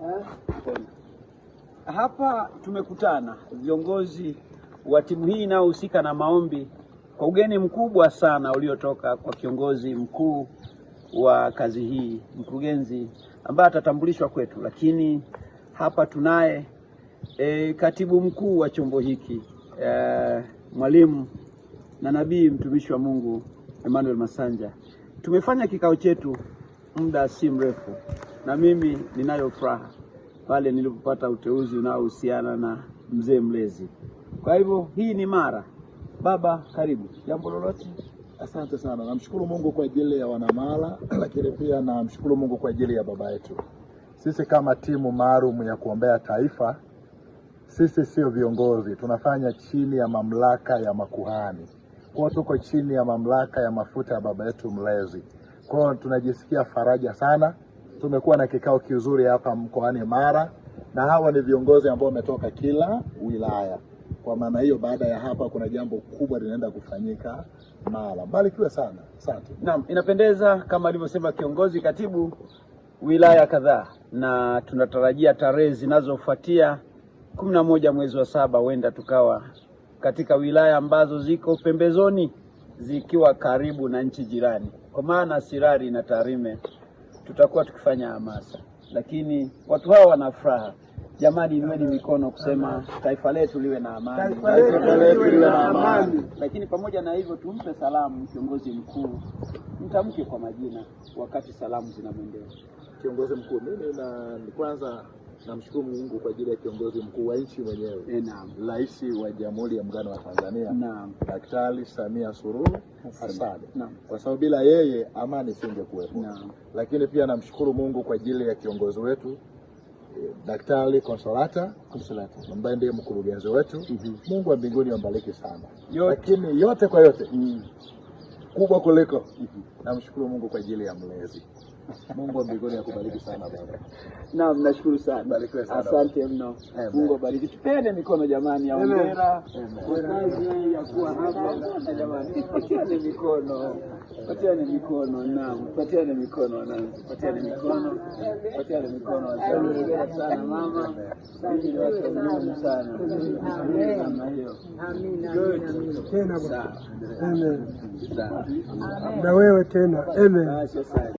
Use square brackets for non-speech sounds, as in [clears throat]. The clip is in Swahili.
Eh? Hapa tumekutana viongozi wa timu hii inayohusika na maombi kwa ugeni mkubwa sana uliotoka kwa kiongozi mkuu wa kazi hii, mkurugenzi ambaye atatambulishwa kwetu, lakini hapa tunaye e, katibu mkuu wa chombo hiki e, mwalimu na nabii mtumishi wa Mungu Emmanuel Masanja. Tumefanya kikao chetu muda si mrefu, na mimi ninayo furaha pale nilipopata uteuzi unaohusiana na mzee mlezi. Kwa hivyo hii ni mara baba, karibu. Jambo lolote? Asante sana, namshukuru Mungu kwa ajili ya wanamara, [clears throat] lakini pia namshukuru Mungu kwa ajili ya baba yetu. Sisi kama timu maalum ya kuombea taifa, sisi sio viongozi, tunafanya chini ya mamlaka ya makuhani, kwa tuko chini ya mamlaka ya mafuta ya baba yetu mlezi. Kwa hiyo tunajisikia faraja sana. Tumekuwa na kikao kizuri hapa mkoani Mara, na hawa ni viongozi ambao wametoka kila wilaya. Kwa maana hiyo, baada ya hapa kuna jambo kubwa linaenda kufanyika Mara, mbarikiwe sana. Asante. Naam, inapendeza kama alivyosema kiongozi katibu wilaya kadhaa, na tunatarajia tarehe zinazofuatia kumi na moja mwezi wa saba huenda tukawa katika wilaya ambazo ziko pembezoni zikiwa karibu na nchi jirani, kwa maana Sirari na Tarime tutakuwa tukifanya hamasa, lakini watu hawa wana furaha. Jamani, inueni mikono kusema taifa letu liwe na amani, taifa letu liwe na amani. Lakini pamoja na hivyo, tumpe salamu kiongozi mkuu, mtamke kwa majina wakati salamu zinamwendea kiongozi mkuu. Mimi na kwanza Namshukuru Mungu kwa ajili ya kiongozi mkuu wa nchi mwenyewe, eh, Rais wa Jamhuri ya Muungano wa Tanzania Daktari Samia Suluhu Hassan, kwa sababu bila yeye amani kuwepo Lakini pia namshukuru Mungu kwa ajili ya kiongozi wetu eh, Daktari Konsolata ambaye ndiye mkurugenzi wetu. mm -hmm. Mungu wa mbinguni ambariki sana yote. Lakini yote kwa yote mm. kubwa kuliko mm -hmm. namshukuru Mungu kwa ajili ya mlezi Mungu wa mbinguni akubariki sana baba. Naam, nashukuru sana. Barikiwe sana. Asante mno. Mungu abariki. Tupende mikono jamani ya Kwa Kazi ya kuwa hapa na jamani. Patiane mikono. Patiane mikono. Naam, patiane mikono wanangu. Patiane mikono. Patiane mikono. Hongera sana mama. Asante sana. Amen. Amina. Tena bwana. Amen. Na wewe tena. Amen.